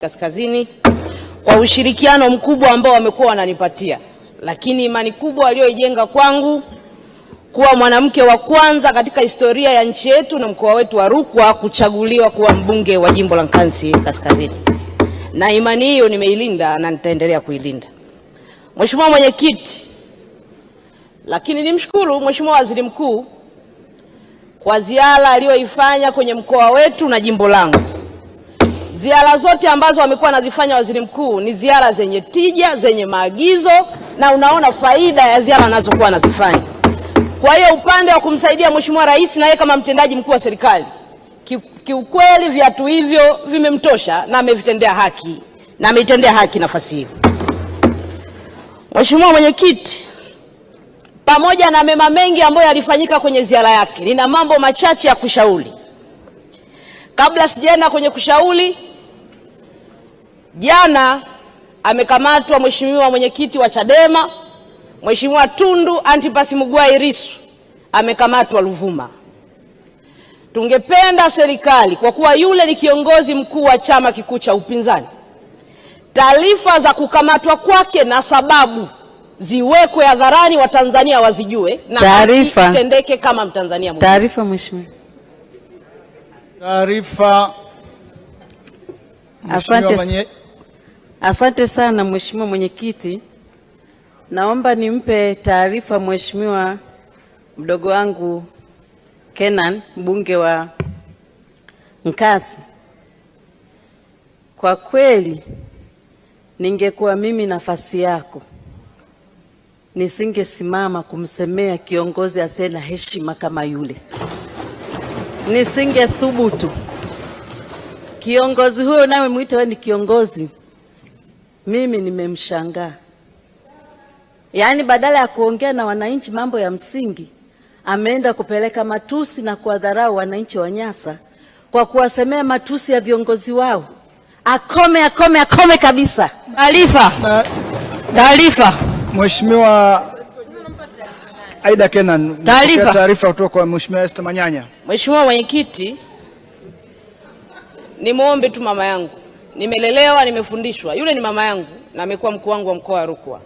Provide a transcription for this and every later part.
Kaskazini kwa ushirikiano mkubwa ambao wamekuwa wananipatia, lakini imani kubwa walioijenga kwangu kuwa mwanamke wa kwanza katika historia ya nchi yetu na mkoa wetu wa Rukwa kuchaguliwa kuwa mbunge wa jimbo la Nkasi Kaskazini, na imani hiyo nimeilinda na nitaendelea kuilinda. Mheshimiwa Mwenyekiti, lakini nimshukuru Mheshimiwa Waziri Mkuu kwa ziara aliyoifanya kwenye mkoa wetu na jimbo langu. Ziara zote ambazo wamekuwa wanazifanya waziri mkuu ni ziara zenye tija, zenye maagizo na unaona faida ya ziara anazokuwa anazifanya. Kwa hiyo upande wa kumsaidia Mheshimiwa Rais na yeye kama mtendaji mkuu wa serikali, kiukweli ki viatu hivyo vimemtosha na amevitendea haki na ameitendea haki nafasi hii. Mheshimiwa Mwenyekiti, pamoja na mema mengi ambayo yalifanyika kwenye ziara yake, nina mambo machache ya kushauri. Kabla sijaenda kwenye kushauri Jana amekamatwa mheshimiwa mwenyekiti wa Chadema, Mheshimiwa Tundu Antipas Mugwai Lissu amekamatwa Ruvuma. Tungependa serikali, kwa kuwa yule ni kiongozi mkuu wa chama kikuu cha upinzani, taarifa za kukamatwa kwake na sababu ziwekwe hadharani, Watanzania wazijue na taarifa itendeke kama Mtanzania mmoja. Taarifa mheshimiwa. Taarifa. Asante. Asante sana Mheshimiwa Mwenyekiti, naomba nimpe taarifa Mheshimiwa mdogo wangu Kenan, mbunge wa Nkasi. Kwa kweli ningekuwa mimi nafasi yako nisingesimama kumsemea kiongozi asiye na heshima kama yule, nisingethubutu. Kiongozi huyo unayemwita wewe ni kiongozi mimi nimemshangaa. Yaani badala ya kuongea na wananchi mambo ya msingi, ameenda kupeleka matusi na kuwadharau wananchi wa Nyasa kwa kuwasemea matusi ya viongozi wao. Akome, akome, akome kabisa. Taarifa, taarifa. Mheshimiwa Aida Kenan, taarifa kutoka kwa Mheshimiwa Esther Manyanya. Mheshimiwa Mwenyekiti, nimwombe tu mama yangu nimelelewa, nimefundishwa, yule ni mama yangu na amekuwa mkuu wangu wa mkoa wa Rukwa.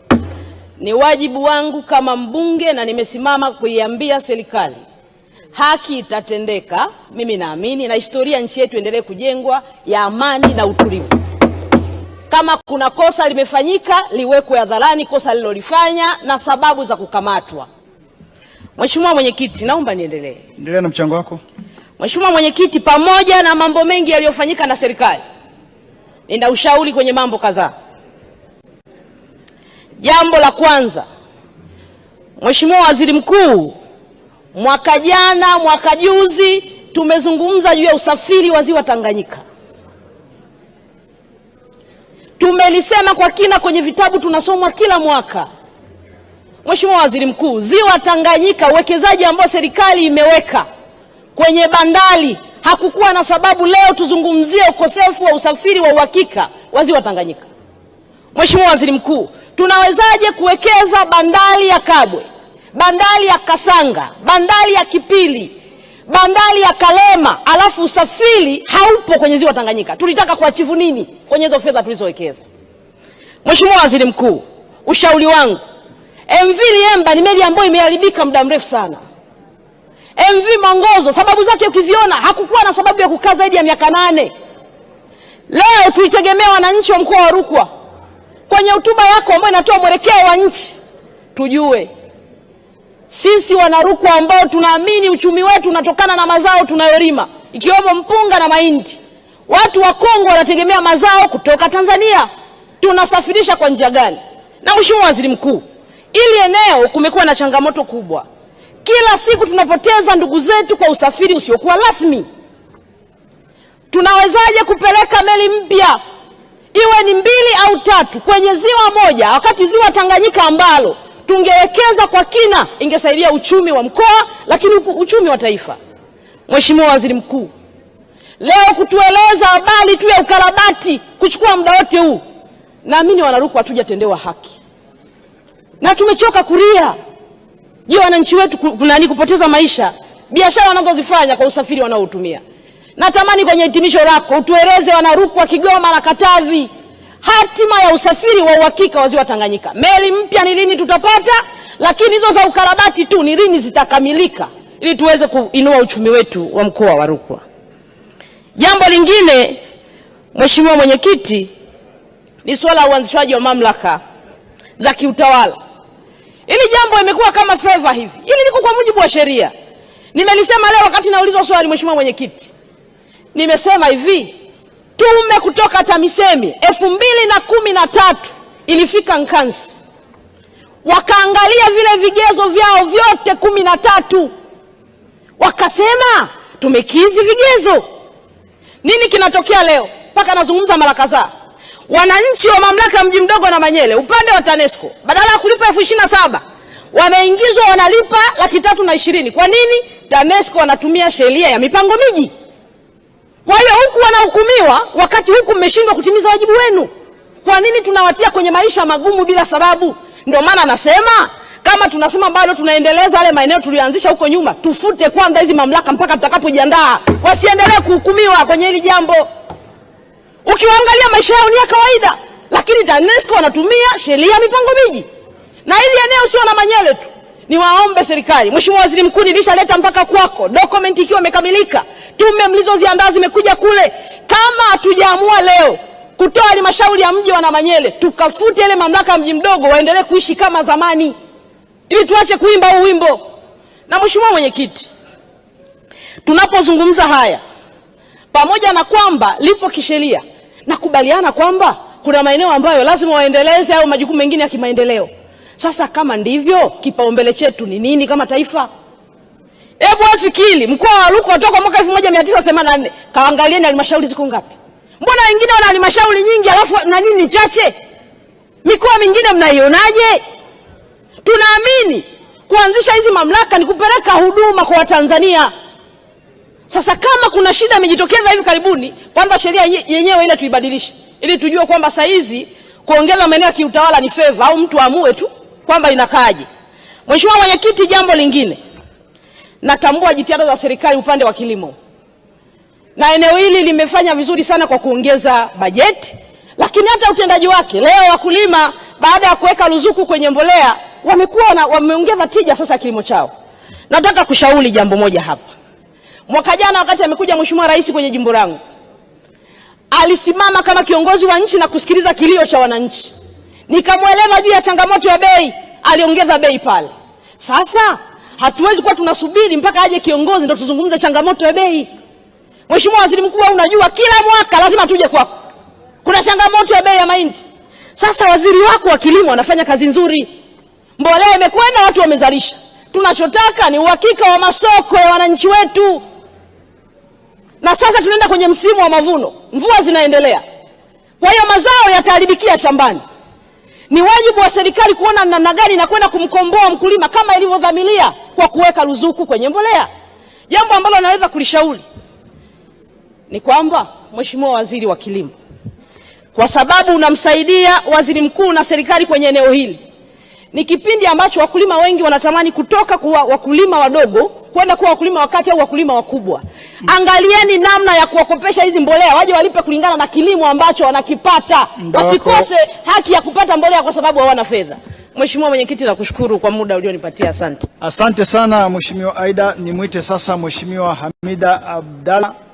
Ni wajibu wangu kama mbunge na nimesimama kuiambia serikali haki itatendeka. Mimi naamini na historia nchi yetu endelee kujengwa ya amani na utulivu. Kama kuna kosa limefanyika, liwekwe hadharani kosa lilolifanya na sababu za kukamatwa. Mheshimiwa Mwenyekiti, naomba niendelee. Endelea na mchango wako. Mheshimiwa Mwenyekiti, pamoja na mambo mengi yaliyofanyika na serikali Nina ushauri kwenye mambo kadhaa. Jambo la kwanza, Mheshimiwa Waziri Mkuu, mwaka jana, mwaka juzi tumezungumza juu ya usafiri wa Ziwa Tanganyika. Tumelisema kwa kina kwenye vitabu tunasomwa kila mwaka. Mheshimiwa Waziri Mkuu, Ziwa Tanganyika, uwekezaji ambao serikali imeweka kwenye bandari Hakukuwa na sababu leo tuzungumzie ukosefu wa usafiri wa uhakika wa ziwa Tanganyika. Mheshimiwa Waziri Mkuu, tunawezaje kuwekeza bandari ya Kabwe, bandari ya Kasanga, bandari ya Kipili, bandari ya Kalema, alafu usafiri haupo kwenye ziwa Tanganyika? Tulitaka kuachivu nini kwenye hizo fedha tulizowekeza? Mheshimiwa Waziri Mkuu, ushauri wangu MV Liemba ni meli ambayo imeharibika muda mrefu sana. MV Mongozo sababu zake ukiziona, hakukuwa na sababu ya kukaa zaidi ya miaka nane. Leo tuitegemea wananchi wa mkoa wa Rukwa, kwenye hotuba yako ambayo inatoa mwelekeo wa nchi, tujue sisi Wanarukwa ambao tunaamini uchumi wetu unatokana na mazao tunayolima ikiwemo mpunga na mahindi. Watu wa Kongo wanategemea mazao kutoka Tanzania, tunasafirisha kwa njia gani? Na Mheshimiwa Waziri Mkuu, ili eneo kumekuwa na changamoto kubwa kila siku tunapoteza ndugu zetu kwa usafiri usiokuwa rasmi. Tunawezaje kupeleka meli mpya iwe ni mbili au tatu kwenye ziwa moja, wakati ziwa Tanganyika ambalo tungewekeza kwa kina ingesaidia uchumi wa mkoa, lakini uchumi wa taifa. Mheshimiwa Waziri Mkuu, leo kutueleza habari tu ya ukarabati kuchukua muda wote huu, naamini Wanaruku hatujatendewa haki na tumechoka kulia. Je, wananchi wetu kunani kupoteza maisha biashara wanazozifanya kwa usafiri wanaotumia? Natamani kwenye hitimisho lako utueleze wanarukwa, Kigoma na Katavi, hatima ya usafiri wa uhakika wa ziwa Tanganyika. Meli mpya ni lini tutapata? Lakini hizo za ukarabati tu ni lini zitakamilika, ili tuweze kuinua uchumi wetu wa mkoa wa Rukwa. Jambo lingine, Mheshimiwa Mwenyekiti, ni suala la uanzishwaji wa mamlaka za kiutawala Hili jambo imekuwa kama fedha hivi. ili liko kwa mujibu wa sheria. Nimelisema leo wakati naulizwa swali, mheshimiwa mwenyekiti, nimesema hivi, tume kutoka TAMISEMI elfu mbili na kumi na tatu ilifika Nkansi wakaangalia vile vigezo vyao vyote kumi na tatu wakasema tumekizi vigezo. Nini kinatokea leo? Mpaka nazungumza mara kadhaa wananchi wa mamlaka mji mdogo na Manyele upande wa TANESCO badala ya kulipa elfu ishirini na saba wanaingizwa wanalipa laki tatu na ishirini. Kwa nini? TANESCO wanatumia sheria ya mipango miji. Kwa hiyo huku wanahukumiwa, wakati huku mmeshindwa kutimiza wajibu wenu. Kwa nini tunawatia kwenye maisha magumu bila sababu? Ndio maana nasema kama tunasema bado tunaendeleza yale maeneo tuliyoanzisha huko nyuma, tufute kwanza hizi mamlaka mpaka tutakapojiandaa, wasiendelee kuhukumiwa kwenye hili jambo. Ukiwaangalia maisha yao ni ya kawaida, lakini TANESCO wanatumia sheria ya mipango miji, na hili eneo sio na Manyele tu. Niwaombe serikali, Mheshimiwa Waziri Mkuu, nilishaleta mpaka kwako document ikiwa imekamilika, tume mlizoziandaa zimekuja kule. Kama hatujaamua leo kutoa halmashauri ya mji wa Manyele, tukafute ile mamlaka ya mji mdogo, waendelee kuishi kama zamani, ili tuache kuimba huu wimbo. Na Mheshimiwa Mwenyekiti, tunapozungumza haya, pamoja na kwamba lipo kisheria Nakubaliana kwamba kuna maeneo ambayo lazima waendeleze au majukumu mengine ya kimaendeleo. Sasa kama ndivyo, kipaumbele chetu ni nini kama taifa? Hebu afikiri mkoa wa Rukwa toka mwaka 1984 kaangalieni halmashauri ziko ngapi? Mbona wengine wana halmashauri nyingi alafu na nini chache? Mikoa mingine mnaionaje? Tunaamini kuanzisha hizi mamlaka ni kupeleka huduma kwa Watanzania. Sasa kama kuna shida imejitokeza hivi karibuni, kwanza sheria yenyewe ile tuibadilishe, ili tujue kwamba saa hizi kuongeza maeneo ya kiutawala ni favor au mtu amue tu kwamba inakaaje. Mheshimiwa Mwenyekiti, jambo lingine, natambua jitihada za serikali upande wa kilimo, na eneo hili limefanya vizuri sana kwa kuongeza bajeti, lakini hata utendaji wake leo, wakulima baada ya kuweka ruzuku kwenye mbolea wamekuwa wameongeza tija sasa kilimo chao. Nataka kushauri jambo moja hapa Mwaka jana wakati amekuja Mheshimiwa Rais kwenye jimbo langu, alisimama kama kiongozi wa nchi na kusikiliza kilio cha wananchi. Nikamweleza juu ya changamoto ya bei, aliongeza bei pale. Sasa hatuwezi kuwa tunasubiri mpaka aje kiongozi ndio tuzungumze changamoto ya bei. Mheshimiwa Waziri Mkuu, unajua kila mwaka lazima tuje kwako, kuna changamoto ya bei ya mahindi. Sasa waziri wako wa kilimo anafanya kazi nzuri, mbolea imekwenda, watu wamezalisha. Tunachotaka ni uhakika wa masoko ya wananchi wetu na sasa tunaenda kwenye msimu wa mavuno, mvua zinaendelea, kwa hiyo mazao yataharibikia shambani. Ni wajibu wa serikali kuona namna gani na kwenda kumkomboa mkulima kama ilivyodhamiria kwa kuweka ruzuku kwenye mbolea. Jambo ambalo naweza kulishauri ni kwamba, Mheshimiwa Waziri wa Kilimo, kwa sababu unamsaidia waziri mkuu na serikali kwenye eneo hili ni kipindi ambacho wakulima wengi wanatamani kutoka kuwa wakulima wadogo kwenda kuwa wakulima wakati au wakulima wakubwa. Angalieni namna ya kuwakopesha hizi mbolea waje walipe kulingana na kilimo ambacho wanakipata, wasikose haki ya kupata mbolea kwa sababu hawana fedha. Mheshimiwa Mwenyekiti, nakushukuru kwa muda ulionipatia, asante. Asante sana Mheshimiwa Aida. Nimwite sasa Mheshimiwa Hamida Abdalla.